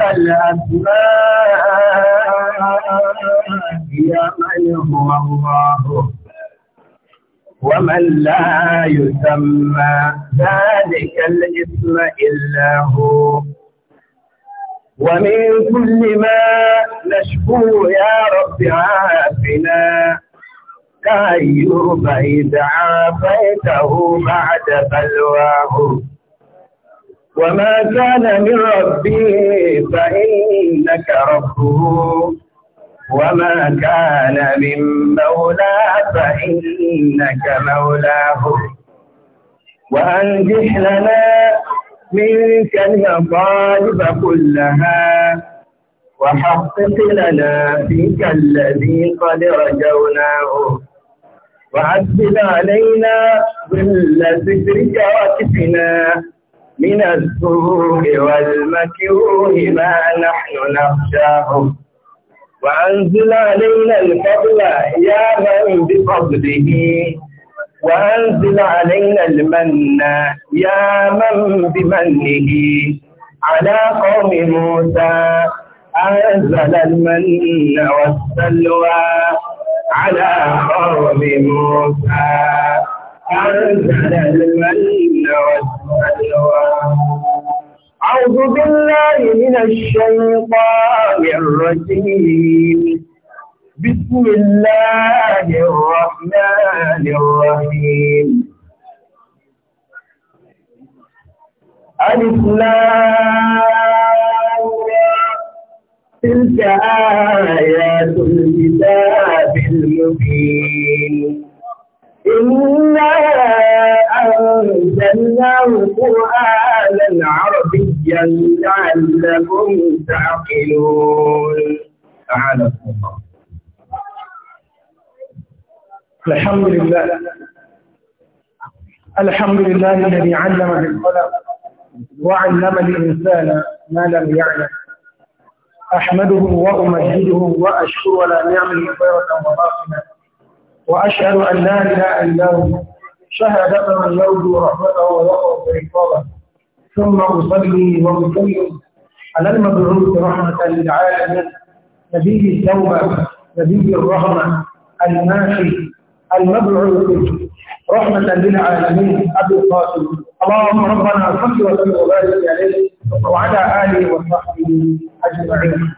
الأسماء يا من هو الله ومن لا يسمى ذلك الاسم إلا هو ومن كل ما نشكو يا رب عافنا كأيوب إذ عافيته بعد بلواه وما كان من ربي فإنك ربه وما كان من مولى فإنك مولاه وأنجح لنا منك المطالب كلها وحقق لنا فيك الذي قد رجوناه وعذب علينا ظل ذكرك وكفنا من السوء والمكروه ما نحن نخشاه وأنزل علينا الفضل يا من بفضله وأنزل علينا المن يا من بمنه على قوم موسى أنزل المن والسلوى على قوم موسى أنزل المن والسلوى أعوذ بالله من الشيطان الرجيم بسم الله الرحمن الرحيم ألف تلك آيات الكتاب المبين إِنَّا أنزلنا القرآن عربيا لعلكم تعقلون أعانكم الله الحمد لله الحمد لله الذي علم بالقلم وعلم الإنسان ما لم يعلم أحمده وأمجده وأشكر على نعمه خيرة وباطنة وأشهد أن لا إله إلا هو شهادة من يرجو رحمته ويطلب عقابه ثم أصلي وأسلم على المبعوث رحمة للعالمين نبي التوبة نبي الرحمة الماشي المبعوث رحمة للعالمين أبي القاسم اللهم ربنا صل وسلم وبارك عليه وعلى آله وصحبه أجمعين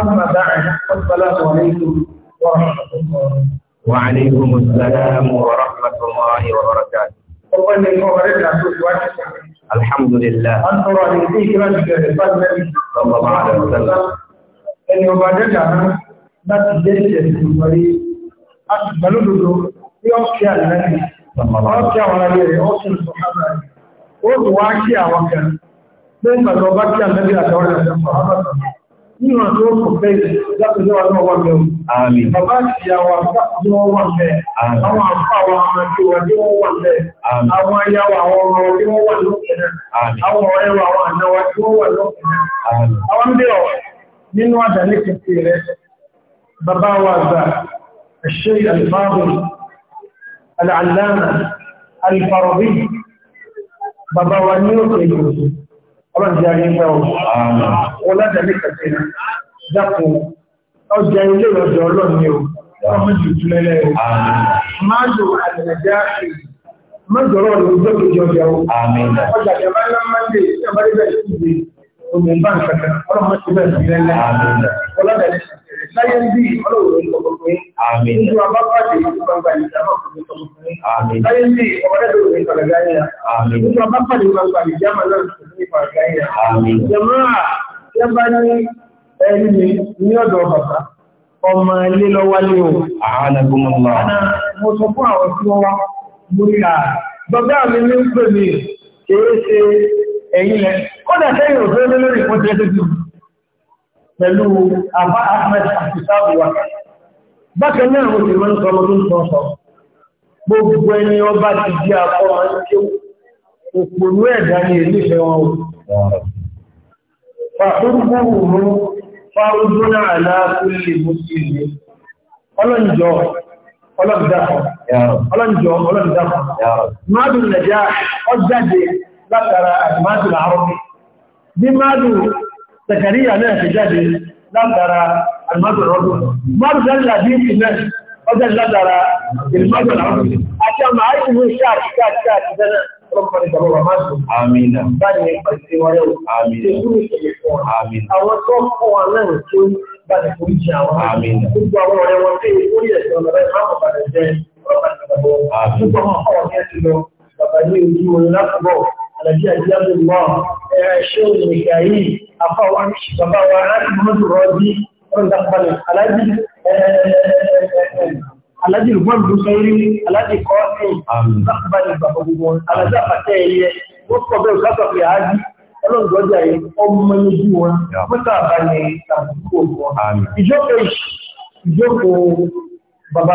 أما بعد فالصلاه عليكم ورحمة الله وعليكم السلام ورحمة الله وبركاته الحمد لله صلى الله عليه وسلم ẹni ọba dẹ́gbà náà láti jẹ́ ìṣẹ̀lẹ̀ ìwọ̀rí àtìgbàlódòdó tí ó kí àlẹ́lẹ́ni ọ́kí àwọn ará rẹ̀ ọ́kí ìṣọ̀hánà rẹ̀ ó tún wá kí àwọn kan lẹ́yìn pàtàkì ọba kí àlẹ́lẹ́ àtàwọn ẹ̀ṣẹ̀ níwọ̀n tó kò fẹ́ látọjọ́ ọjọ́ wọn mẹ́ àmì bàbá ìyàwó àpapọ̀ wọn mẹ́ àwọn àpapọ̀ àwọn ọmọdé wọn tí wọ́n wà mẹ́ àwọn ayáwó àwọn ọmọ tí wọ́n wà lókè náà àwọn ọ̀rẹ́ àwọn ànáwà tí wọ́n wà nínú àdàlẹ́ kẹfẹ́ rẹ ọlọ́run ilé ọjọ́ ọlọ́run ni o ọmọ jùjú lẹ́lẹ́ o máa lò àtẹ̀lẹ́jẹ́ mọ́jọ̀rọ̀ olùgbẹ́gbẹ̀jọ ọjà o ọjà jẹba ńlá mọ́ndé ìjọba ilẹ̀ ìdíje òmìnira nǹkan ọlọ́run bẹ̀rẹ̀ sí láyé ń bí ọlọ́run ní ọkùnrin àmín nínú abápàdé ìgbàgbà ìjàmọ̀ ọkùnrin àmín láyé ń bí ọmọdédọ̀rọ̀ ní ìpàdàgáyà àmín nínú abápàdé ìgbàgbà ìjàmọ̀ ọkùnrin ní ìpàdàgáyà àmín jẹmọ́ra yẹn bá ní ẹni ní ọ̀dọ̀ bàbá ọmọ ilé lọ́wálé o àhánàgbọ́mọ́lá mo sọ fún àwọn tí wọ́n pẹ̀lú àbá ahmed àfisáàbùwà bákan náà ó ti mọ́ ní sọmọ tó ń sọ sọ gbogbo ẹni ọba ti di àkọ́ máa ń kí òpònú ẹ̀dá ní ìlúfẹ́ wọn o fàkúrúkúrú mú fárúdúnà aláàkúlè mùsùlùmí ọlọ́njọ́ ọlọ́dàkọ̀ ọlọ́njọ́ ọlọ́dàkọ̀ mádùn nàìjíríà ọjáde látara àti mádùn àárọ̀ bí mádùn Zakariya náà ti jáde látara alìmọ́gbọ̀nrọ́gbọ̀n. Mọ́rùn-ún láti ìpì náà, ọjọ́ látara alìmọ́gbọ̀nrọ́gbọ̀n. Àti àmà àìsìnú iṣẹ́ àti àti àti bẹ́ẹ̀ Àmìnà. Báyìí ni ìpàdé Àmìnà. Àmìnà. Àwọn tó kọ́ wa náà tó bá ti fún jẹ àwọn. Àmìnà. Gbogbo àwọn ọ̀rẹ́ máa ń àlàjì àjíjáde lọ ẹ̀rẹ́ ṣe òmìnira yìí afáwọn bàbá wa láti mọ́tò rọ́jí ọ̀dàpalẹ̀ alájì alájì lùgbọ́n ló sọ rí alájì kọ́ ní ìdápalẹ̀ bàbá gbogbo alájì àpàtẹ́ ẹ̀yẹ wọ́n pọ̀ bẹ́ẹ̀ sọ́tọ̀ pé àájí ọlọ́dọ̀ọ́jà yìí ọmọ ojú wọn mọ́tò àbáyé tàbíkò wọn ìjókòó ìjókòó bàbá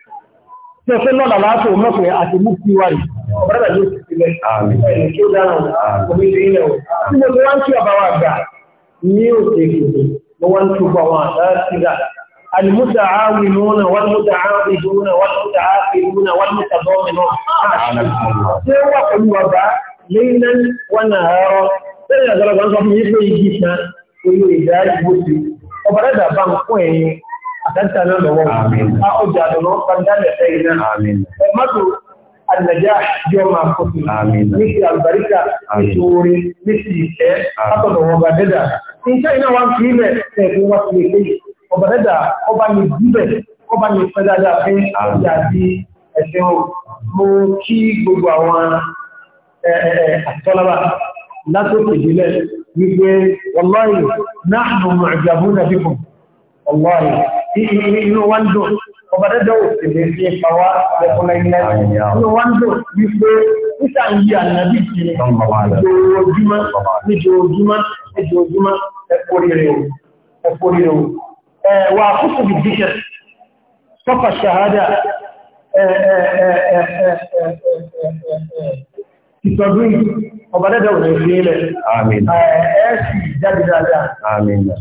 tó fẹ́ lọ́la láti òun náà pé àti mú sí wáyé ọ̀bọ̀dà yóò ti sílẹ̀ ẹni tí ó dára omi sí ilẹ̀ o tí mo ti wá ń kí ọba wa gbà ní òkè ìgbòho mo wá ń túbọ̀ àwọn àṣà síra المتعاونون والمتعاقدون والمتعاقدون والمتضامنون سوى قلوبا ليلا ونهارا سيدنا غلبان صاحب يقول أتنسى لنا آمين أعجى لنا فندل سيدنا آمين مدو النجاح يوم أخذ آمين نسي البركة نسوري نسي كيف أتنى وبدأ إن شاء الله وان كيمة سيكون وصلي وبدأ وبني جيبة وبني فدادة في أجازي ẹ̀sẹ̀wọ̀n mú kí gbogbo àwọn àtọ́lára látòkè ìdílẹ̀ wípé wọ́láyìí náà mọ̀ ìjàbú náà fífún wọ́láyìí inú wa ń dùn ọba dẹ́dẹ́ ò sì lè fi ipa wá ẹkùnlẹ̀ ilẹ̀ inú wa ń dùn wípé níta ń yí ànábì kì í ojoojúmọ́ níjoojúmọ́ níjoojúmọ́ ẹkùnrin o ẹkùnrin o wà kúkú bí díkẹ̀ sọ́fà ṣàhádà ìtọ́dún ọba dẹ́dẹ̀ òní fílẹ̀ ẹ̀ẹ́sì jáde dáadáa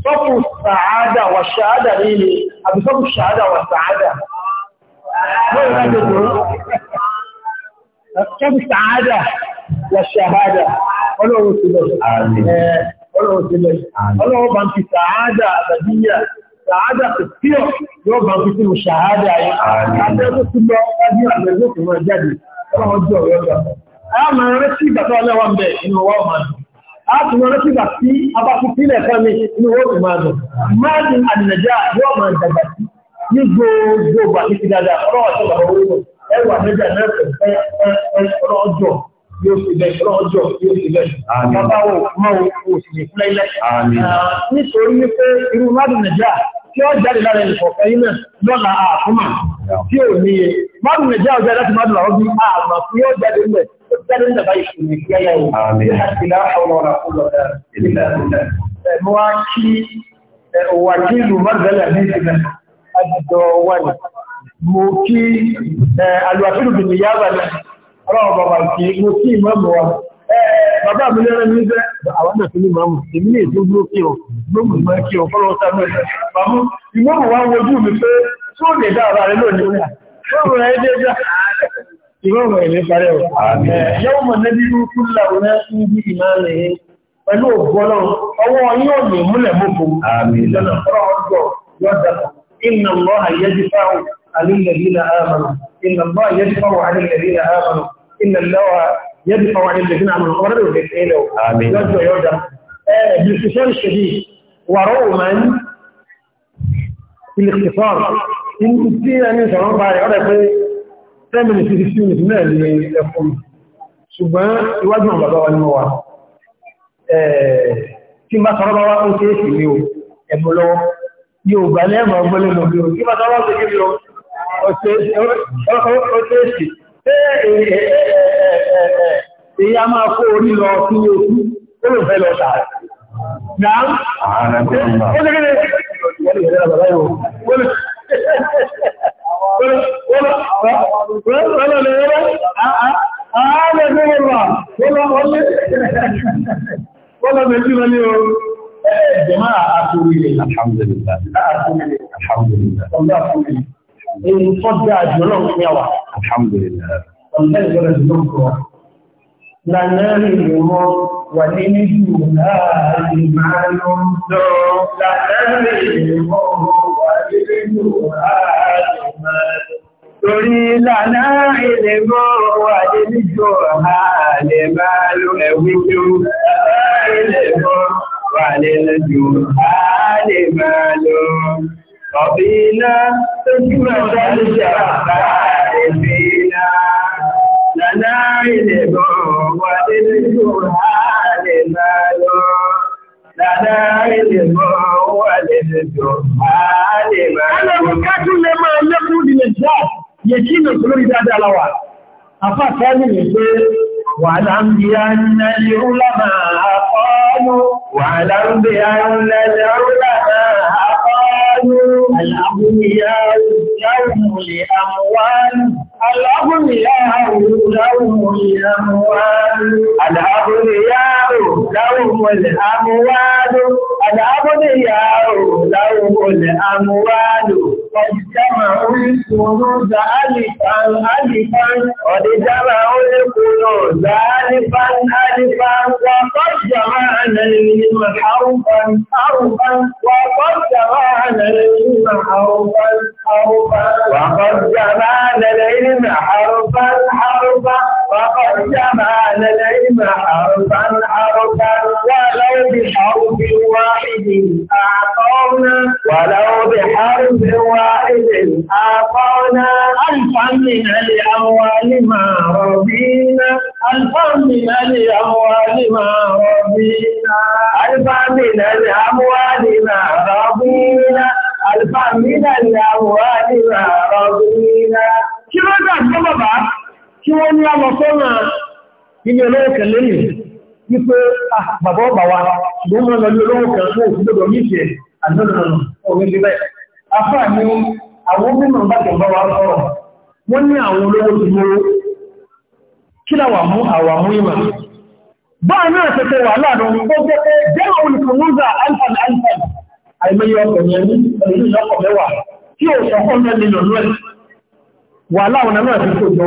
sọ́pù sàádà wà sàádà nílé àbí sọ́pù sàádà wà sàádà sọ́pù sàádà wà sàádà ọlọ́run sílẹ̀ ọlọ́run sílẹ̀ ọlọ́run bá ń fi sàádà àbàdíyà sàádà kò tíọ̀ yóò bá ń fi sínú sàádà yìí àbẹ́rẹ́ tó lọ wájú àbẹ́rẹ́ tó lọ jáde ọlọ́run jọ ọ̀rẹ́ ọ̀gá a máa rántí ìgbà tó ọlẹ́wà ń bẹ̀ inú wa máa dùn a tún máa rántí ìgbà tí a bá tún sílẹ̀ fún mi inú wa tún máa dùn máa dùn ànìyànjá yóò máa dàgbà sí ní gbogbo ìgbà títí dáadáa ọlọ́wà tó bàbá orí mọ̀ ẹwà mẹ́jà náà ọjọ́ yóò sì bẹ̀ ọjọ́ yóò sì bẹ̀ bàbá wo mọ́ òsì nítorí wípé irú mádùn nàìjíríà tí ó jáde lára ìfọ̀fẹ́ iná lọ́la àkúmà tí ò ní e. Mọ́rùn lè jẹ́ ọjọ́ láti mọ́dún àwọn bí àmà tí ó jáde ilẹ̀ tó jáde ní ìjọba ìṣòro ìgbẹ́yà ìwò. Mo wá kí òwà kí ìlú Mọ́rùnlẹ́lẹ̀ ní ìsinmi bàbá mi lẹ́rẹ́ mi jẹ́ àwọn náà tún ní màmù èmi ní ètò dúró kí o lóògùn mọ́ kí o fọ́lọ́ ọ̀tá náà màmú ìmọ̀mù wa wojú mi pé tí ó lè dá ara rẹ lónìí rẹ̀ lóòrùn rẹ̀ ẹ̀ ní الله يدفع عن الذين آمنوا إن الله يدفع عن الذين امنوا امرا بالقيل امين يرجع يرجع بالاختصار الشديد وروما الاختصار ان في يعني شباب بعد يقول لك تعمل في السيون في المال اللي يقوم ṣùgbọ́n iwájú àwọn bàbá wa ní wà tí bá sọ́rọ́ bá wá ń ṣe èsì ní o ẹ̀bùn lọ́wọ́ yóò gbà lẹ́mọ̀ ọgbọ́lẹ́mọ̀ bí o tí bá sọ́rọ́ bá ṣe kí èyí a máa kó orí lọ sí ojú ó lè fẹ́ lọ sàárẹ̀. Náà ó lè kéde Wọ́n méjì lọ ní oòrùn. Jẹ́má àtúrílẹ̀. Alhamdulillah. Alhamdulillah. Alhamdulillah. Ọlá àtúrílẹ̀. Èyí fọ́dá àjọ́lọ́ fún yàwà. Alhamdulillah. Ọlá ìgbọ́dẹ̀ jùlọ fún wa. لنا الموت ولنجوها لما نمضى لنا الموت ولنجوها لما Torí lànà ìlèmọ́ wà nínú jò ha lè máa lò ẹ̀wí jò. Lànà ìlèmọ́ wà nínú jò ha lè máa lò. Ọ̀bí iná tó túnmọ̀ sọ́lùsẹ̀ àbá ẹ̀bí iná. Lànà ìlèmọ́ وللجهال مال لنا علم وللجهال مال Alábùkátù lè máa lékún ní Nàìjíríà, yẹ kí ní òṣèlórí dáadáa láwà. Àfá sáájú ní pé wà láńbí àrínà lè rúlà máa àkọ́ọ́lù, wà láńbí àrínà lè rúlà máa àkọ́ọ́lù, àlàbùnìyà لهم الأموال الأغنياء لهم الأموال الأغنياء لهم الأموال قد جمعوا الكنوز ألفا ألفا قد جمعوا الكنوز ألفا ألفا وقد جمعنا العلم حرفا حرفا وقد جمعنا العلم حرفا حرفا وقد جمعنا العلم حرفا حرفا حرفا فقد جمع لدينا حرفا حرفا ولو بحرف واحد أعطونا ولو بحرف واحد أعطونا ألفا من الأموال ما رضينا ألفا من الأموال ما رضينا ألفا من الأموال ما رضينا ألفا من الأموال ما رضينا كيف تقول بابا kí wọ́n ní ọmọ sọ́nà ilé olówó kan lẹ́yìn wípé ah, bàbá ọba wa ló mọ́ lọ ní olówó kan fún òfúgbọ́dọ̀ níṣẹ́ àdánàmọ̀nà orí bíbẹ̀. afá ni àwọn mímọ̀ bá jọba wa sọ̀rọ̀ wọ́n ní àwọn olówó ti mọ́ kí làwà mú àwà mú ìmọ̀. báà náà tẹ̀tẹ̀ wà láàrin ó jẹ́ pé jẹ́ olùkọ̀mọ́sà alfan alfan àìmọye ọkọ̀ yẹn ní ẹ̀yìn ìlọ́kọ̀ mẹ́wàá tí ò sọ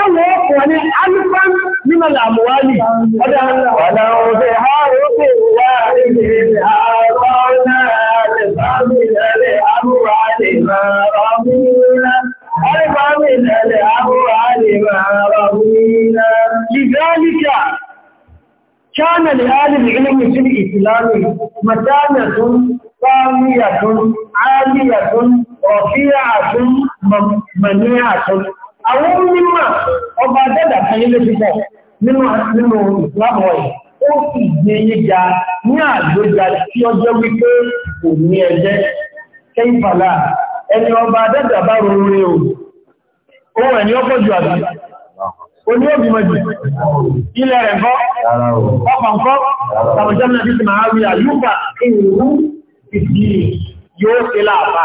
Ọwọ́ ọkùnrin ní Alifan nínú àmúwálì, ọdá ọ̀dá ọ̀dẹ̀ àárúkè wà níbi àárọ̀ náà lè bá mi lẹ́lẹ̀ àmúwálì máa rọ̀múnà. Àrífà mi lẹ́lẹ̀ àmúwálì máa rọ̀múnà. Lìgáníkà, كان لآل العلم في الإسلام مكانة قامية عالية رفيعة منيعة أو مما ọba dẹ́dà fẹ́yìn ló ti pọ̀ nínú nínú ìsìlámù ọ̀yẹ̀ ó sì gbé yé ga ní àgbéga tí ó jẹ́ wípé kò ní ẹgbẹ́ kẹ́yìnfàlà ẹni ọba dẹ́dà bá rọrùn o ohun ẹni ọkọ̀ jù àbí oní òbí mọ̀jù ilẹ̀ rẹ̀ kọ́ ọkọ̀ nǹkan tàbí jẹ́ mẹ́rin ti máa rí àyúkà ìrú ìdí yóò ṣe láàbà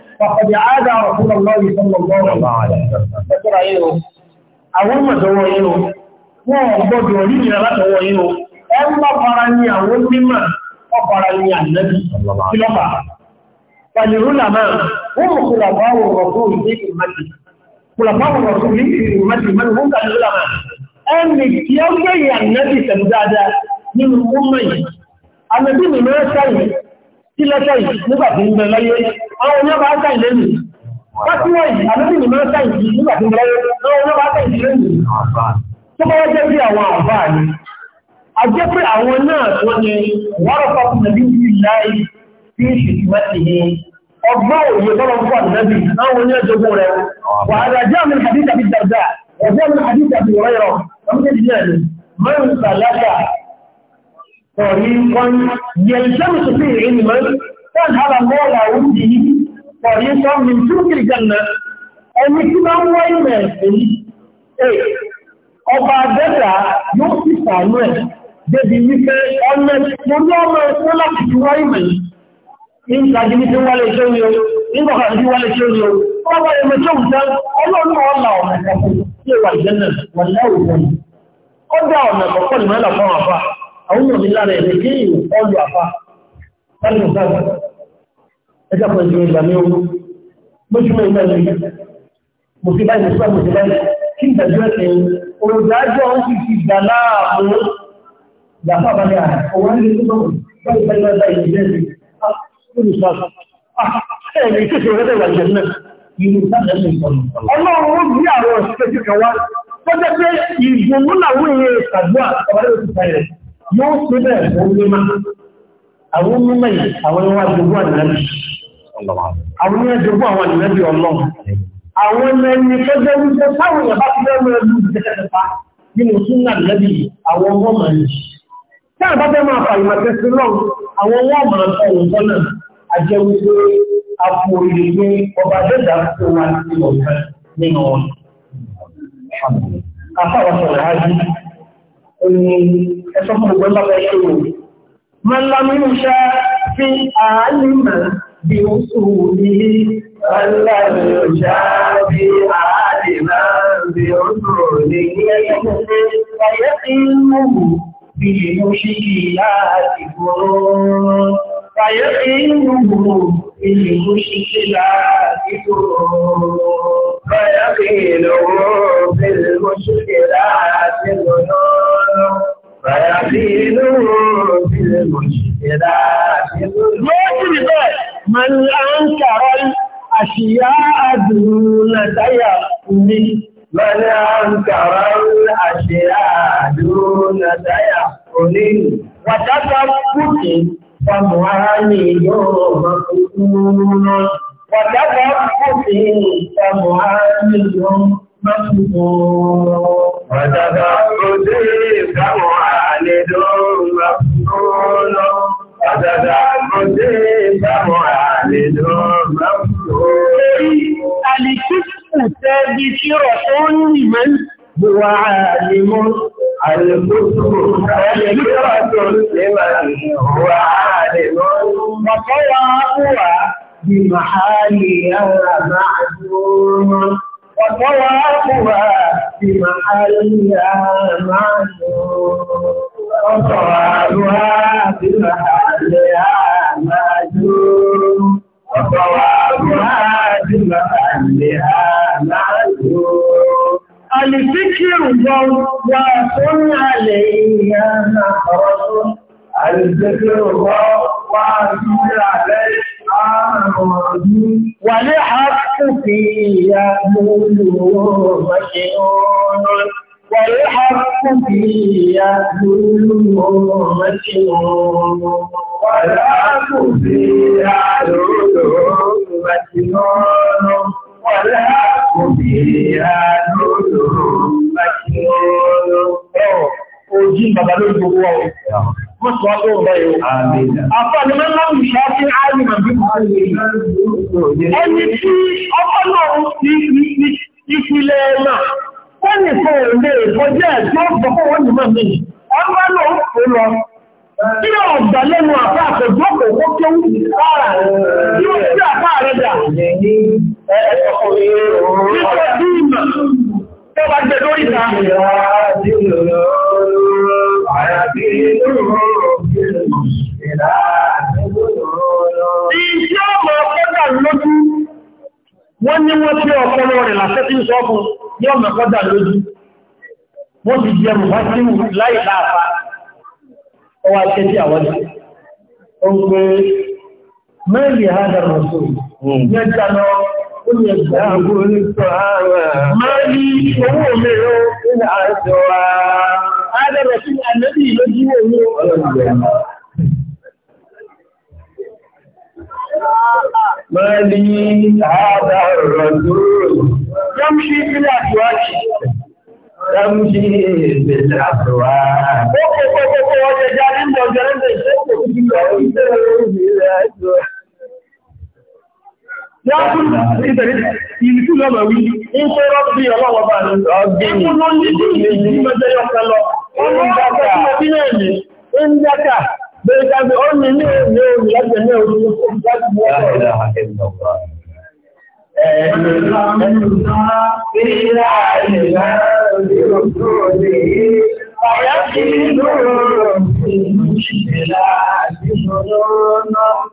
فقد عاد رسول الله صلى الله عليه وسلم فترى ايه àwọn mọ̀sọ̀wọ́ yìí o wọ́n gbọ́dọ̀ nílẹ̀ látọwọ́ yìí o ẹn bá fara ní àwọn mímọ̀ ọfara ní ànẹ́bì kílọ́pà pàlìrúnà náà wọ́n mọ̀ kùlàbáwò rọ̀kùn ní ìmọ̀tì kùlàbáwò rọ̀kùn ní ìmọ̀tì mẹ́rin wọ́n kàlìrúnà náà ẹni tí ó gbẹ̀yìn ànẹ́bì tẹ̀lú dáadáa nínú mọ́mọ̀ yìí kí lẹ́tẹ̀ yìí nígbà tí ń bẹ láyé àwọn ọmọ bá sáì lẹ́nu pàtíwọ̀ yìí àdúgbò ní máa sáì yìí nígbà tí ń bẹ láyé àwọn ọmọ bá sáì lẹ́nu tó bá jẹ́ bí àwọn àbá ni a jẹ́ pé àwọn náà wọ́n ni wọ́n fọ́ fún ẹbí ní láì tí ń ṣe ìwẹ́sì ni ọgbọ́ òye tọ́lọ fún àdínẹ́bì àwọn oní ẹjọ́gbọ́ rẹ̀ wà á rẹ̀ jẹ́ àmì hadith àbí dàgbà ẹ̀jẹ́ àmì hadith àbí wọ́rẹ́ rọ̀ طريقا يلتمس فيه علما فاذهب الله عنده طريقا من سوق الجنة أن يكون وين إيه ọba àdẹ́ta yóò sì sàánú ẹ̀ débi wípé ọmọ ìpòlú ọmọ ẹ̀kọ́ láti fi wáyé mẹ́rin nígbàtí ní tí wọ́n lè ṣe orí o nígbàtí ní wọ́n lè ṣe orí o ọmọ ẹ̀mọ̀ tó àwọn ọmọ mi lára ẹ̀ lèké ìwò ọlù àfá láti ìsáàbà ẹjọ́ pẹ̀lú ìjọ ìgbà ní ogun gbójúmọ̀ ìgbà ní mo ti báyìí nípa mo ti báyìí kí n tẹ̀jú ẹ̀sẹ̀ olùdájọ́ ń fi ti gbà láàmú ìgbàfà balẹ̀ àrà ọwọ́ ní ilé tó bọ̀ báyìí báyìí báyìí ìjẹ́ ah, ah, ìjẹ́ Ọlọ́run ó bí àwọn ọ̀sẹ̀ kékeré wá, tó jẹ́ pé ìgbòmúnà wúye ìsàdúrà ọ̀rẹ́ òṣìṣẹ́ rẹ̀ yóò ṣe bẹ́ẹ̀ fún mímá àwọn mímá yìí àwọn ẹwà jogún ànìyànjú àwọn ẹwà jogún àwọn ànìyànjú ọlọ́run àwọn ẹni kẹjọ wípé táwọn ìyàbá ti lẹ́nu ẹlú ìdẹ́kẹ̀ẹ́fà nínú súnà lẹ́bí àwọn ọmọ màá yìí tí àwọn bàbá máa fà ìmọ̀ tẹ́sí lọ́n àwọn ọmọ màá fọ òun tọ́nà àjẹ wípé àpò ìrèké ọba dẹ́dà fún wa nínú ọ̀fẹ́ nínú ọ̀nà òní ẹ̀sọ́ fún gbogbo ẹgbàgbà ẹ̀ṣẹ́ òní. Ma ń lámú iṣẹ́ fi àálìmà bí ó sùn ní fi àálìmà bí ó sùn ní ẹgbẹ́ ẹgbẹ́ ìlú bí mo ṣe kì ìlú bí láti gbọ́rọ̀. Àṣìyá àdúrà táyà ní Mọ́lá ń kàrọ àṣìyá àdúrà táyà òní. Wàtàkà kúkì fọmù ara ní yóò mọ́kúrú náà. Wàtàkà kúkì fọmù ara ní yóò mọ́kúrú náà. مفتون وتفقدي فمعاند مفتون وتفقدي فمعاند مفتون الكتب تذكرة لمن هو عالم الكتب تذكرة لمن هو عالم وقراءها بمحالها معدوم وطوافها في محلها معلوم وطوافها في محلها معلوم وطوافها في محلها معلوم الفكر ضواف عليها نخرج الذكر ضواف عليها Wàlé àákù fi ìyá lóòlò mọ́ṣẹ́ ọ̀rọ̀. Wàlé àákù fi ìyá lóòlò mọ́ṣẹ́ ọ̀rọ̀. Wàlé àákù fi ìyá lóòlò mọ́ṣẹ́ ọ̀rọ̀. Wàlé àákù fi ìyá lóòlò ọ̀rọ̀ òjì bàbá lórí gbogbo wa o. Wọ́n sọ ọ́ bẹ́ẹ̀ o. Àfààní máa ń láwù ṣá sí àárín àbí ẹni tí ọkọ̀ náà ti ìpìlẹ̀ náà. Wọ́n ní fún òun lè kọjá tí ó gbọ́ fún wọn nímọ̀ mi. Ọba náà ń fò lọ. Tí yóò gbà lẹ́nu àbá àkọ́jọ́ kò kó kí ó kára yóò sí àbá rẹ̀ dà. Ẹ̀ẹ́dẹ̀kùnrin òun. Nípa bí ìmọ̀ tó bá gbé lórí ìta. Iṣẹ́ ọmọ ọ̀pọ̀dà lójú, wọ́n ní wọ́n tí ọ̀pọ̀lọ rẹ̀ làṣẹ́ tí ń sọ fún ní ọmọ ọ̀pọ̀dà lójú. Wọ́n ti jẹ mọ̀ wọ́n tí láì láàpá, ọwá ṣe tí àwọn jẹ́. Ó ń pé mẹ́rin Ìyàgbò ní sọ ààrẹ. Máa ní owó mi ó nínú àjọ wa. Adẹ́rẹ̀ sí ànẹ́bì lójú omi ọ̀rọ̀ Máa ní àádá ọ̀rọ̀ dúró. Yọ́mṣí ìpínlẹ̀ àtúwájì. Yọ́mṣí ìpínlẹ̀ àtúwájì. Ó kò kò kò kò ọjọ́ jáde ń bọ̀ Ìlú lọ́mọ̀ wí, ń tó rọ́bí ọlọ́wọ́ bá ní ọgbìn. Ìlú ló ní bí náà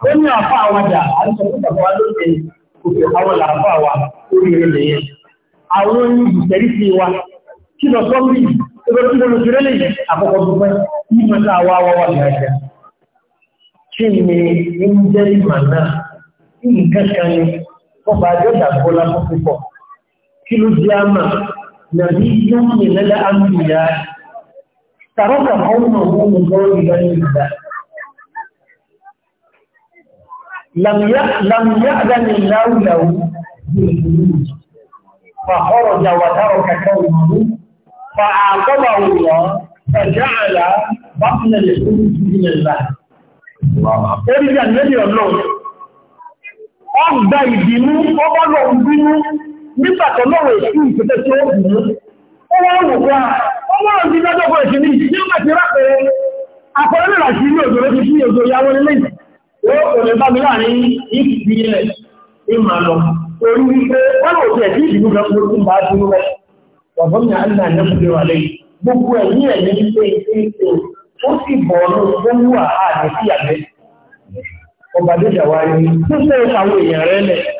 Ó ní àfá àwàdà, àìsàn ìpàdà wà lóde òkè àwọn làbá wa orí ilẹ̀ sí wa, kí lọ sọ́mí, ẹgbẹ́ tí lọ́nà jùlọ lè àkọ́kọ́ dúpẹ́, ní mọ́ta wá wá wá Kí ni ń jẹ́ ìmà náà? Ìgbẹ́kan ni, ọba àjọ́dà kọ́lá fún púpọ̀. Kí ló jẹ́ àmà نبي من الأنبياء ترك قومه مغاضبا لله لم لم يأذن الله له بالخروج فخرج وترك قومه فأعقبه الله فجعل بطن الخروج من الله Orí ìjànlẹ́dì ọlọ́run, ọgbà ìbínú, ọgbọ́lọ̀ ìbínú, ndị tó lọ́wọ́ èsì ìpínlẹ̀ tí ó mú ó wá wù wá ó wá òjì lọ́jọ́bọ̀ èsì ní ìdí nígbà tí rápẹ̀rẹ̀ akọrin rà sí ilé òjòrò ti sí òjò yàwó nílé ó bá mi láàrin lọ wípé wọ́n lò sí ẹ̀sí ìdìbò fún dúró rẹ̀ mi wà lẹ́yìn gbogbo ẹ̀mí ṣe ó sì bọ̀ ọ́nà tó wù àhà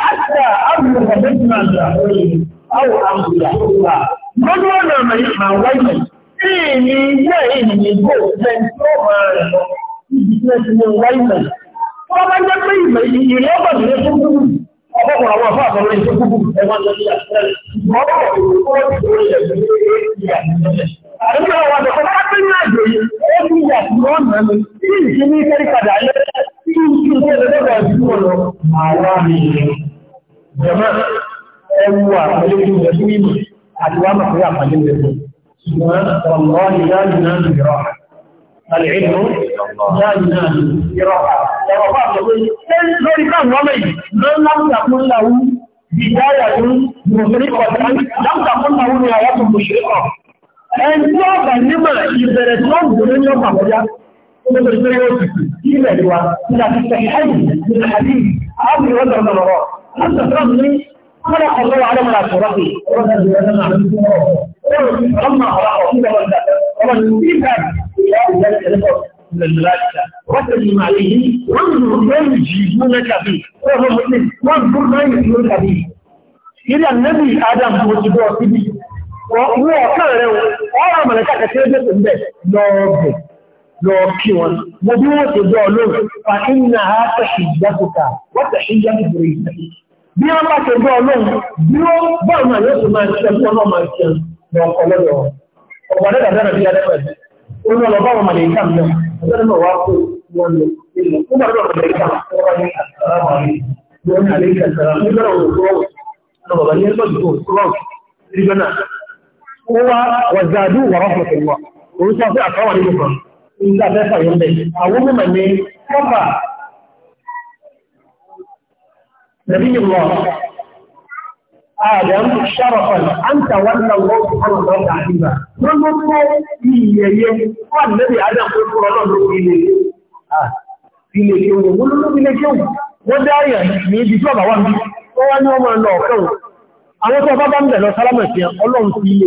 حتى أرض بسمع الرسول أو أمر يحوها من ولا ما يسمع وجه إني جاهني بوت سنتوما بسنة وجه Ọba jẹ́ pé ìmọ̀ ìrìn ọba ìrìn tó kú ọgbọ́gbọ́ àwọn afọ́ àfọ́rọ́ ìṣẹ́ kúkú ẹwọ́n lórí àṣẹ́lẹ̀. Ọba ìrìn tó kú ọjọ́ ìrìn àṣẹ́lẹ̀. Àdúgbò àwọn àdọ̀kọ́ bá pín ní àjò yìí, ó ní ìyàtọ̀ ọ̀nà jẹ̀mọ́ ẹwu àpẹẹlẹ́ tó yẹ fún ìmọ̀ àti wá màkúrẹ́ àpẹẹlẹ́ yẹ fún ṣùgbọ́n ọ̀rọ̀ ni láàyè náà ní ìrọ̀ àlẹ́ẹ̀nù láàyè náà ní ìrọ̀ ẹ̀rọ bá àpẹẹlẹ́ lórí káàmù ọmọ yìí ló ń láwùjá fún láwù ìdáyà tó mùsùlùmí kọ̀ọ̀tà láwùjá fún láwù ni àwọn tó mùsùlùmí kọ̀ نظر كده يوسف كده ايوه كده تستحي من الحديث عمرو وزر مرات انت ترمي خلق الله على مناصرته رد لنا عن لما خلق كده ولا طبعا في فرق من الملائكة وسلم عليه وانظر ما يجيبونك به وهو مسلم وانظر ما يجيبونك به إلى النبي آدم وجبوه به وهو كان له أرى ملكة كثيرة من ذلك لا lọ kí wọn mo bí wọ́n ti gbọ́ ọlọ́run fa iná ha tẹ̀sí ìyàtọ̀ta wọ́n tẹ̀sí ìyàtọ̀ta ìgbà bí wọ́n bá ti gbọ́ ọlọ́run bí ó bọ́ ọ̀nà yóò ti máa ṣe fún ọlọ́run máa ṣe lọ ọkọ̀ lọ́dọ̀ ọ̀pọ̀ dẹ́gbà dára bí adẹ́fẹ́ ó ní ọlọ́ba wọn màlẹ̀ ìkà mìíràn ọ̀dọ́dọ́ náà wá kó wọn lọ nígbà tó lọ́dọ̀ náà wọn kó wọn lọ bàbá ní ó wá wàzàdú wàrà nígbà mẹ́fà yóò bẹ̀. Àwọn mímọ̀ ní kọ́bà nàbí ìwọ̀ Adam Sharafan, an tàwọ́nà wọ́n kọ́nà lọ́gbà àdìbà. Wọ́n ló kọ́ ìyẹyẹ wọ́n lẹ́bí Adam tó kúrọ náà ló fi ilé ilé kí wọ́n wọ́n ló ilé kí wọ́n dáyà ní ibi tí ọba wà ní wọ́n wá ní ọmọ ọ̀nà ọ̀fẹ́ wọn. Àwọn tó bá bá ń bẹ̀ lọ sálámẹ̀ sí ọlọ́run ti ilé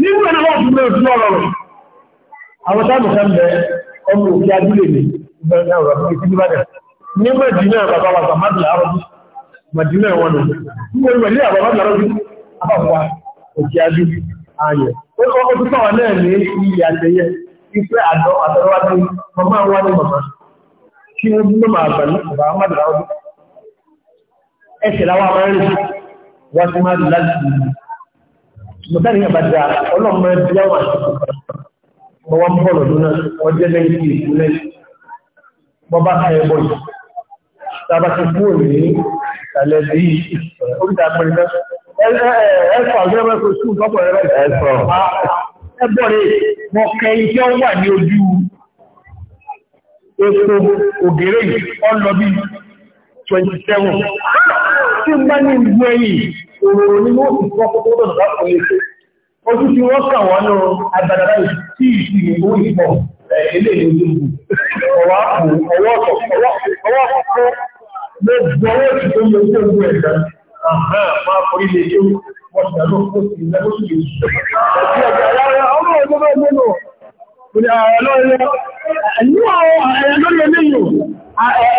nínú ẹni wọ́n tún lè fún ọ̀rọ̀ rẹ̀ àwọn táàmù kan bẹ ọmọ òkè adúlé mi bẹ̀rẹ̀ ọ̀rọ̀ fún ìtìlú bàdà ní mẹ́jìnà bàbá wa sàmádì àrọ́bí mẹ́jìnà wọn nù ní mẹ́jìnà bàbá àrọ́bí àbàwà òkè adúlé ayẹ̀ ó kọ́ ó tún wọ́n bí mọ́mà àgbà ní mọ̀tàrí yẹn bá da ọlọ́mọ ẹbí àwọn àṣìkò kan wọ́n wá ń bọ̀ lọ́dún náà wọ́n jẹ́ lẹ́yìn tí èkó lẹ́yìn wọ́n bá ká ẹbọ yìí tába ti kú òní ìtàlẹ̀ sí oríta pẹ̀lú ẹ̀ẹ́sọ̀ àgbẹ̀rẹ̀ kò sí ìtọ́pọ̀ rẹ̀ ẹ̀ẹ́sọ̀ ah, ẹbọ rẹ̀ wọ́n kẹ iṣẹ́ wà ní ojú epo ògèrè yìí ọlọ́bí 27 ah, tí ń bá ní ìgbẹ̀yìn òòrùn ni wọ́n fi kọ́ kókó lọ́nà bá kọ́ léṣe ojú tí wọ́n kà wọ́n lọ agbadada yìí tí ìsì owó ìpọ̀ eléyìí ojú ìbò ọwọ́ àpò ọwọ́ ọ̀pọ̀ ọwọ́ ọ̀pọ̀ ló gbọ́wọ́ tí ó yẹ ojú ojú ẹ̀dá máa kọ́ ilé tó wọ́n ti dáná ó sì lẹ́nu sí èyí. Àti ọ̀gá ara ọmọ ọjọ́ bá gbé lọ. Òní àwọn ọlọ́run ní àwọn ẹ̀yẹ lórí eléyìí o.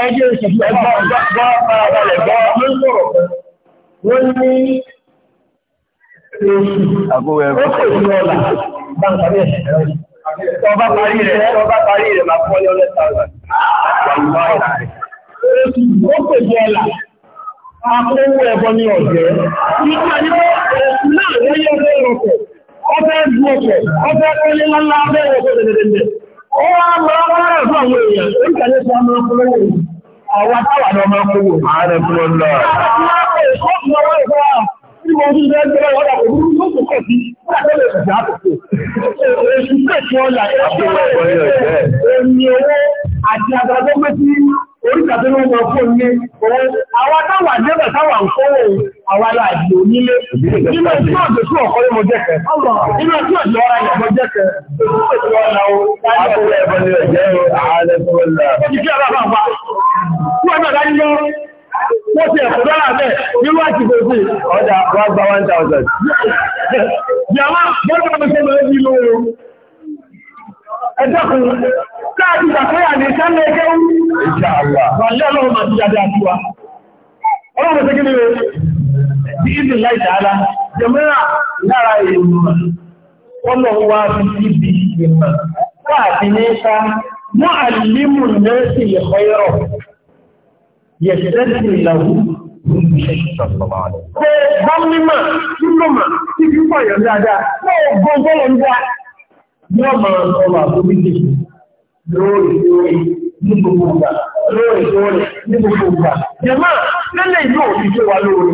Ẹgbẹ́ ìṣẹ̀dá gbọ́ gbọ́ wọ́n ní oṣù ọ̀la bá ń parí ẹ̀ tọba parí rẹ̀ tọba parí rẹ̀ máa fọ́ ní ọ̀lẹ́ thousand. oṣù ọ̀la akówó ẹ̀bọ ní ọ̀jẹ́ nígbà náà wọ́n yẹ ọ̀rẹ́ ọ̀kọ̀ ọ̀fẹ́ ju ọ̀kọ̀ ọ̀fẹ́ kọ́lé ńláńlá ọ̀fẹ́ dẹ̀dẹ̀dẹ̀ ó wá máa wá rà fún àwọn èèyàn oríkàlẹ́ sọ ọmọ ọwọ́ táwà lọ máa kówó. Ààrẹ fún ọ lọ. Àti àgbàgbọ́ pé tí oríkàtí ló ń lọ fún ní owó àwọn táwà jẹ́bẹ̀ táwà ń kówó àwọn aláàjì onílé nínú tí ọ̀dọ̀ tí ọ̀kọ́ ló mọ nínú tí ọ̀dọ̀ ọ̀rọ̀ yẹ̀ mọ jẹ́kẹ̀ Wọ́n ti ẹ̀kọ́ dára bẹ́ẹ̀ nínú àti gbèsè. Ọjà wọ́n gba 1,000. Yàmá, bọ́ọ̀dọ̀ ọmọ ìṣẹ́lẹ̀ ẹ̀bí lóòrùn ẹ̀dọ́kùn káàkiri àkóyà ní sánlẹ̀ ẹgbẹ́ wọlé ọlọ́run máa ti jáde àtúwà ọlọ́run tó gíní rẹ̀ bí i ní láì dáadáa jẹmọ́ra lára èèyàn ọlọ́run wá fi síbi ìmọ̀ káàkiri ní sá mọ́ àlímù lẹ́sì ìkọyọ̀rọ̀ yẹ̀sẹ̀sì ìlàwó Gbọ́n yóò máa sọ̀rọ̀ àbúrúkè lóòrè lóòrè ní gbogbo ìgbà lóòrè lóòrè ní gbogbo ìgbà. Jẹ̀má lẹ́lẹ̀ yóò fi ṣe wa lóòrè.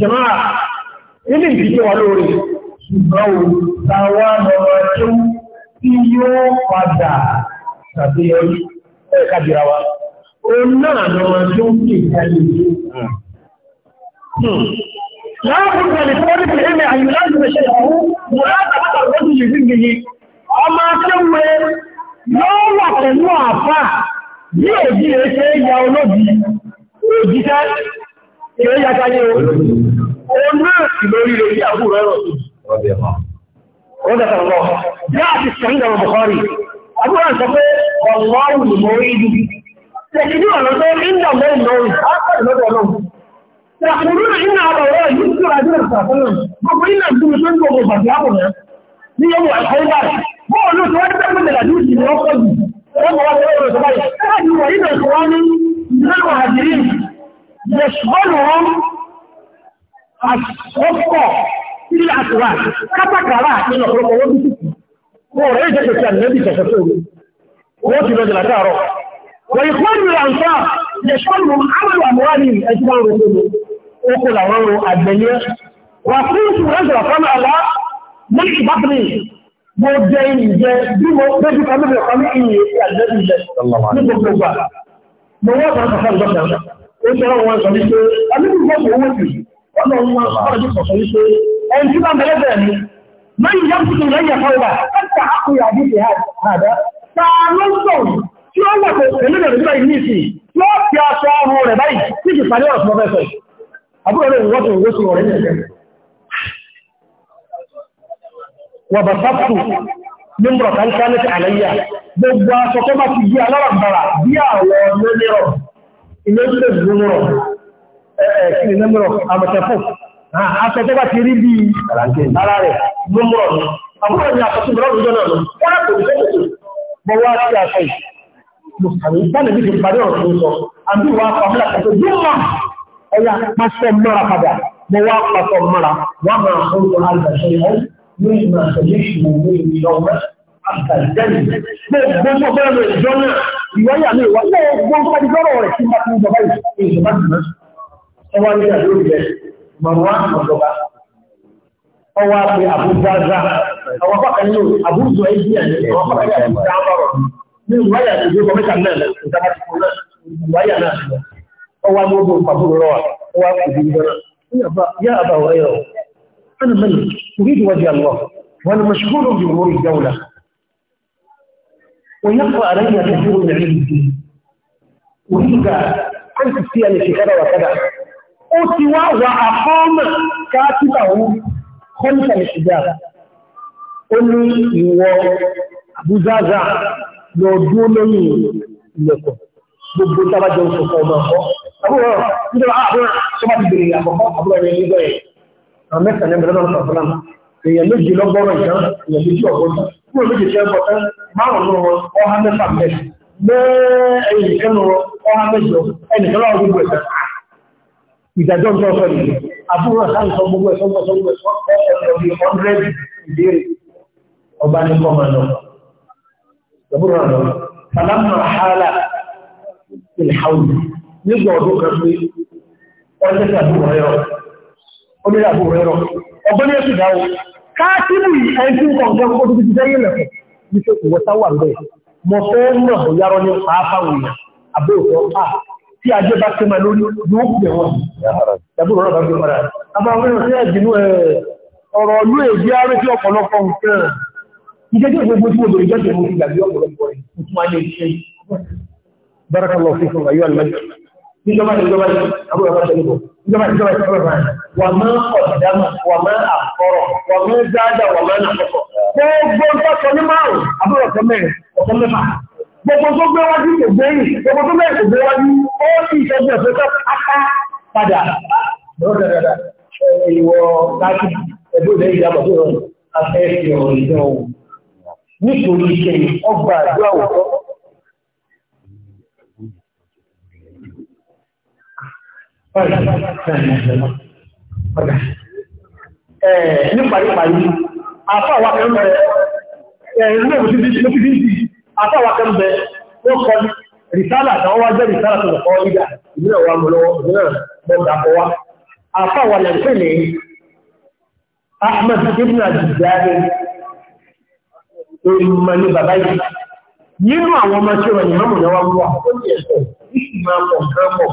Jẹ̀má ilé o, tàwa lọ́wọ́ tó tí yóò padà ṣàṣeyọrí ẹ̀ka jìra wa. Òun náà lọ́wọ́ tó ń kè ká lè لا بد لطالب العلم أن يلازم شيخه مراجعة الرجل ya olóbi òjìṣẹ́ ìrẹ́ yàtayé o náà sì lórí rẹ̀ sí àbúrò a ti sọ̀rọ̀ ìdàmọ̀ Bukhari, àbúrò sọ pé ọ̀wọ́ òlùmọ̀ orí ìdú. Tẹ̀kì Yàkùnrin náà iná àbàwọ̀ yìí tí ó rájú ẹ̀sà fún náà, gbogbo iná tí ó tó ń gbogbo bàtí àpò náà ní ọmọ àkọ́wà. Bọ́ọ̀ ló tó wọ́n tẹ́ mọ́ tẹ̀lá lóòjì ní ọkọ̀ jù, wọ́n mọ̀ wá tẹ́lá lóòjì báyìí. Láàrín wọ̀ iná tó wá ní ìlú àjírí, yẹ̀ṣọ́lù wọn àkọ́kọ̀ sí àtúrà, kápákàrà ìkọ́ ìrìn àǹfà, yẹ̀ṣọ́lù àmàlù àmúwá ní ẹjọ́ àwọn oko làwọn ohun àgbẹ̀yẹ wà fún ìṣúrẹ́sọ̀ kan àlá ní ìbáfẹ́ mo jẹ ìjẹ bí mo péjú kan níbi ọ̀kan ní ìyè sí àjẹ́ ìjẹ ní gbogbo gbà mo wọ́n sọ sọ sọ sọ ó sọ wọn sọ wípé alébí wọn kò wọ́n sì ọ̀nà wọn ọ̀rọ̀ sọ sọ wípé ẹni tí bá mẹ́lẹ́ bẹ̀rẹ̀ ni lẹ́yìn yẹn ti lẹ́yìn ẹ̀kọ́ wà ẹ̀ka àkúyà àdìsí àdá ta ló ń sọ̀rọ̀ tí ó wà pẹ̀lú ẹ̀rọ ìgbà ìníṣì tí ó fi aṣọ ọrùn rẹ̀ báyìí tí ìpàdé ọ̀sán fẹ́fẹ́ àbúrò rẹ̀ wọ́n tó wó sí ọ̀rẹ́ nìkan wà bá sáptù ní mọ̀rọ̀ kan ká ní àlẹ́yà gbogbo aṣọ tó bá ti di alárànbarà bí àwọn lónírọ̀ ilé ń lè gbónúrọ̀ kí ni lónírọ̀ àmọ̀tẹ́fù aṣọ tó bá ti rí bí ara rẹ̀ gbónúrọ̀ ni àbúrò ni aṣọ tó mọ̀rọ̀ lójọ́ náà mùsùlùmí bá nìbí ti ọ̀rọ̀ tó sọ àbí wàá pàmílà kàtó yóò ọya pàṣẹ mọ́ra padà mọ́ wá pàṣọ mọ́ra wà máa fún un àgbàṣe ẹ̀ ní ìmọ̀ àṣẹlẹ̀ ìṣòwò ní ìlú ọmọ àgbàjẹ́lì gbogbo tó bẹ́ẹ̀ lọ ìjọ náà ìwáyà mi wà ní ọgbọ́n pàdígbọ́rọ̀ rẹ̀ tí bá ti ń jọba ìjọba jùlọ ọwọ́ ní ìlú rẹ̀ mọ̀rọ̀ àjọba ọwọ́ àpè àbújáza àwọn pàkà nínú àbújọ ẹgbẹ́ àyẹ̀kọ́ àwọn pàkà ní àbújá ọwá gbogbo ìpàbúrò rọ́wà ọwá kùdí ìjọra yá àbà wáyọ̀ ana mẹ́lì orílẹ̀ wájú àlọ́ wọn mọ̀ṣúgbọ́rọ̀ bí orí ìjáwùlá wọ́n yá kọ́ àrẹ́ ìyà tẹ́jú orí ìrìn ìdí orí ga an ti fi àlè ṣekara wa kada ó ti wá wà àkọ́ọ̀mà káàkiri àwọn kọ́ńtà lè ṣìgá ó ní ìwọ àbúzáza lọ dúó lẹ́yìn ilẹ̀kùn gbogbo tábàjọ ń ọmọ ọkọ́ àbúrò nítorí àbúrò tó bá ti bèrè àkọ́kọ́ àbúrò ẹni nígbà yẹn àwọn mẹ́ta ní ẹgbẹ̀rún náà sọ̀rọ̀ náà èèyàn méjì ọha ọha nígbà ọdún kan pé ọjọ́ ìṣàbùrọ̀ ẹ̀rọ omi ìṣàbùrọ̀ ẹ̀rọ ọgbọ́n ní ẹ̀sùn ìdáwó káàkiri ẹni tí nǹkan ọ̀gbọ́n kó tóbi ti jẹ́ yẹlẹ̀ ní pé ìwọ táwà bẹ́ẹ̀ mo fẹ́ mọ̀ bóyárọ́ ní pàápàá èèyàn àbóòtọ́ à ah, tí ajé bá tẹ́ máa lórí yóò pè wọ́n ìṣàbùrọ̀ eh, ọ̀rọ̀ bá gbé padà abáwọn ọ̀rọ̀ ìjìnú ọ̀rọ̀ ọ̀lú èdè arẹ́ tí ọ̀pọ̀lọpọ̀ nǹkan ìjẹ́jẹ́ gbogbo tí mo bèrè jẹ́ tẹ̀mú ìgbàgbé ọ̀pọ̀lọpọ̀ rẹ̀ tuntun ayé iṣẹ́ bárakà lọ fífún ayé àlùmọ́jọ́ níjọba ìjọba ìjọba ìjọba ìjọba ìjọba ìjọba wà máa ọ̀dàmà wà máa àkọ́rọ̀ wà máa dáadáa wà máa nàkọ́kọ́ gbogbo ọ̀tọ́ ní márùn-ún àbúrò ọ̀tọ́ mẹ́rin ọ̀tọ́ mẹ́fà gbogbo tó gbé wájú kò gbé yìí gbogbo tó mẹ́rin kò gbé wájú ó sì ìṣẹ́jú ẹ̀fẹ́ tó apá padà lọ́dọ̀dọ̀dà ìwọ láti ẹgbẹ́ òde ìjàmbá tó rọrùn afẹ́ fi ọ̀rọ̀ ìjọ níparíparí àfáwà kan bẹ ẹ̀rìn náà lókìdíjì àfáwà kan bẹ ó kọ rìsálà àwọn wájẹ́ rìsálà tó lọ́kọ́ ìdá ìbílẹ̀ wa mọ̀ lọ́wọ́ ìbílẹ̀ mọ́ta kọ wá àfáwà lẹ́pẹ́ ní Ahmed ibn Abdullah ìmọ̀ ní bàbá yìí nínú àwọn ọmọ tí wọ́n yìí mọ́mù náà wá wọ́n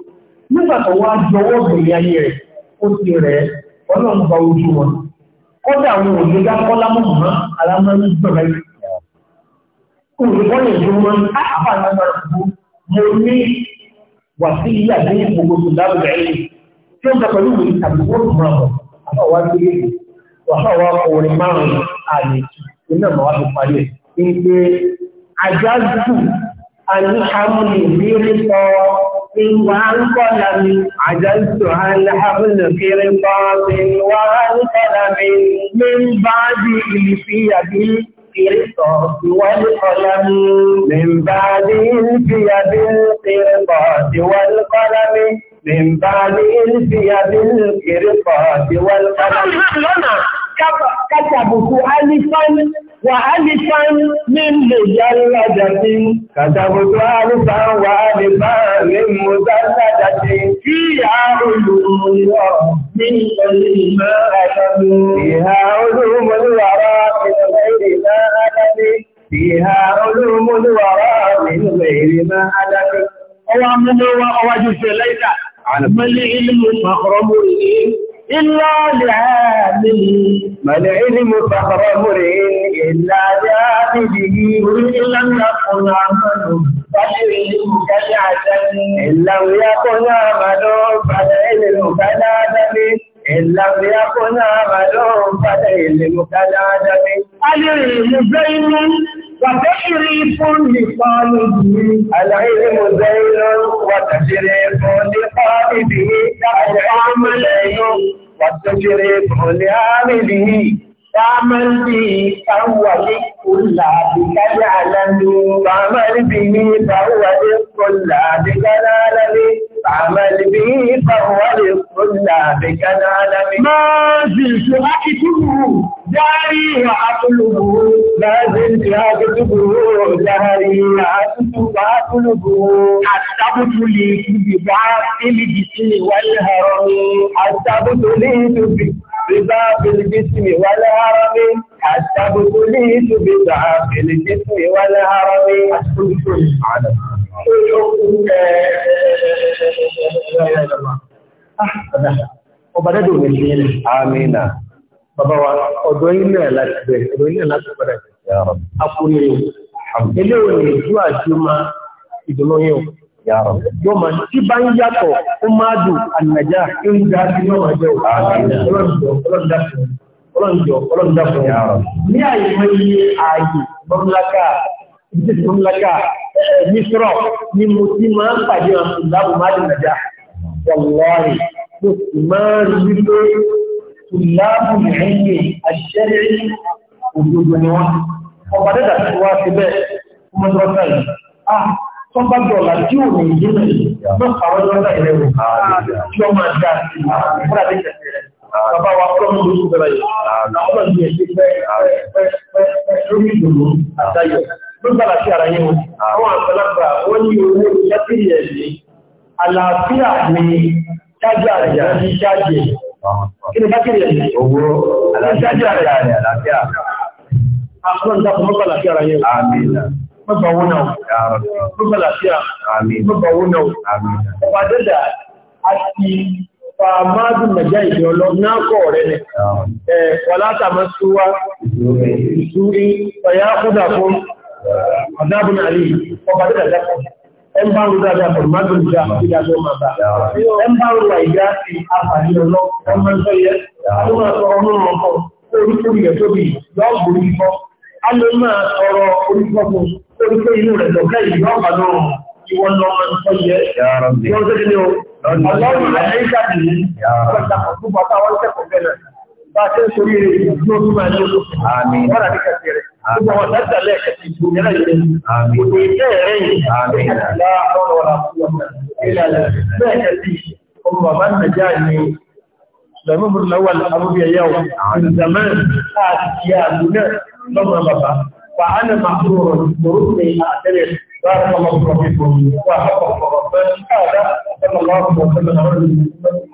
nígbà tó wá jọwọ́ ìgbìyà ayé rẹ̀ ó ti rẹ̀ ọlọ́run gba ojú wọn kọ́dà àwọn òṣèlú kọ́lá mọ̀mọ́ alámọ́rí gbọ̀rẹ́ olùkọ́ lè dúró wọn ah, àbá alágbára fún mo ní wà sí ilé àdéhùn gbogbo tó dábò ẹ̀yìn tí ó ń bẹ pẹ̀lú ìwé tàbí ó rùn mọ́ àbá wa gbé lè wà fà wá ọ̀rẹ́ márùn-ún àyè iná mà wá fi parí ẹ̀ ń pe àjá jù àní àmúlẹ̀ ìrírí sọ والقلم عجزت عن حبل قرطاس والقلم من بعد في إلفية القرطاس والقلم من بعد في إلفية القرطاس والقلم من بعد إلفية القرطاس والقلم kátàbùkù alifan wà alifan ní lè yára jàdí. Kátàbùkù alifan wà alifan lè mú dáadáa jàdí. Kí ìhà olùmọ̀lúwà ní ìlẹ̀ ìmọ̀ àjọ́dú. Ìhà olùmọ̀lúwà rà ìlẹ̀ ìmọ̀ àjọ́dú. Ìhà olùmọ̀lúwà rà ìlẹ̀ ìmọ̀ àjọ́dú. Ọwọ́ amúlówó ọwájú ṣe lẹ́yìn إلا لعامل ما العلم فخر مرئ إلا لعامله إن لم يكن عمله فالعلم كالعسل إن لم يكن عمله فالعلم كالعسل إن لم يكن عمله فالعلم كالعسل العلم زين وتشريف لطالبه العلم زين وتشريف لطالبه كأنعام ليل وتشريف لعامله تعمل به فهو لكل عبدك تعمل به فهو لكل عبدك تعمل به فهو لكل عبدك العالمين ما زلت أكتبه جاري أطلبه ما زلت أكتبه جاري أكتب أطلبه أكتبت لي في بعض الجسم والهرم أكتبت لي في بباب الجسم والهرم حتى ابتليت بباب الجسم والهرم ọba dẹ́dọ̀ mi ní ilẹ̀. amina. bàbá wa ọ̀dọ̀ ilẹ̀ láti bẹ̀rẹ̀ ọ̀dọ̀ ilẹ̀ láti bẹ̀rẹ̀. akúni ilé òní ìjú àjọmọ́ ìdùnnú yẹn o yóò máa tí bá ń yàtọ̀ ó máa dùn ànàjá ìrìnjà sí náà jẹ́ ọlọ́njọ́ ọlọ́ndàfún ní àyè mẹ́yí ààyè mọ́mlákà ìdí mọ́mlákà ní sọ́rọ̀ ni mo ti máa ń pàdé ọ̀sùn láàbù máa dì nàjá wọ̀lọ́rì tó sì máa rí wípé tùláàbù tó bá dọ̀là tí ò ní ìdí náà mọ́ àwọn ọlọ́dà ilẹ̀ wò tí ó máa dá sí fúnra lè tẹ̀sí rẹ̀. Bàbá wa ọlọ́mọ lóṣù bẹ̀rẹ̀ yìí, àwọn ọ̀dọ́ ìyẹn ti fẹ́ lórí ìdòdó àdáyọ̀. Ló gbàlá sí ara yẹn o, àwọn àgbàlagbà wọ́n ní owó ìṣẹ́kìrì ẹ̀ ní àlàáfíà ní ṣáájú àrẹ̀yà ní ṣáájú ẹ̀. Kí ni ṣáájú ẹ̀ ní? Owó àlàáfíà ní àlàáfíà. Àwọn ọ̀dọ́ mọ́gbà owó náà mọ́gbà làfíà mọ́gbà owó náà ọba dẹ́dà àti fàmádù nàjá ìdí ọlọ́gbọ́n kọ̀ rẹ̀ ni wàlátà mọ́ súwá ìsúrí ọ̀yá kúdà fún ọ̀dábùn àrí ọba dẹ́dà dákọ̀ ẹ ń bá ń dáadáa pẹ̀lú mádùn ìjà ìjà tó máa bá ẹ ń bá ń wà ìjà sí àfààní ọlọ́ ẹ máa ń sọ yẹ tó máa sọ ọmọ ọkọ orí kúrò yẹ tóbi lọ́ọ̀bù orí kọ́ a oríṣi inú rẹ̀ lọ́kẹ́ ìlú ọ̀pá náà ìwọ̀n lọ́mọ ọ̀yẹ́ wọ́n tó délé o ọlọ́run rẹ̀ ní ìṣàdìyí pẹ̀lú àkọ́kọ́ bàbá wọn kẹ́kọ̀ọ́ bẹ̀rẹ̀ bá a ṣe ń sorí rẹ̀ yóò tún máa ní olókùn wọ́n àti kẹsì rẹ̀ gbogbo àwọn dáadáa lẹ́ẹ̀kẹ́sì ìgbòmìnira yìí gbogbo ìfẹ́ rẹ̀ yìí lẹ́ẹ̀kẹ́sì ọmọ bàbá nàìjíríà ni lọ́mọ́bùrún lọ́wọ́ àbúbíyẹ̀yẹ́wò ìzàmẹ́ àti ìyá àbúrẹ́ lọ́mọ bàbá فأنا معذور ظروفي أعترف بارك الله فيكم وحفظ ربنا هذا صلى الله وسلم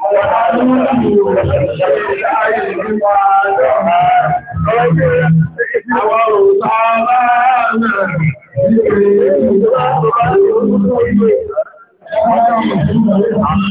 على محمد وعلى آله وصحبه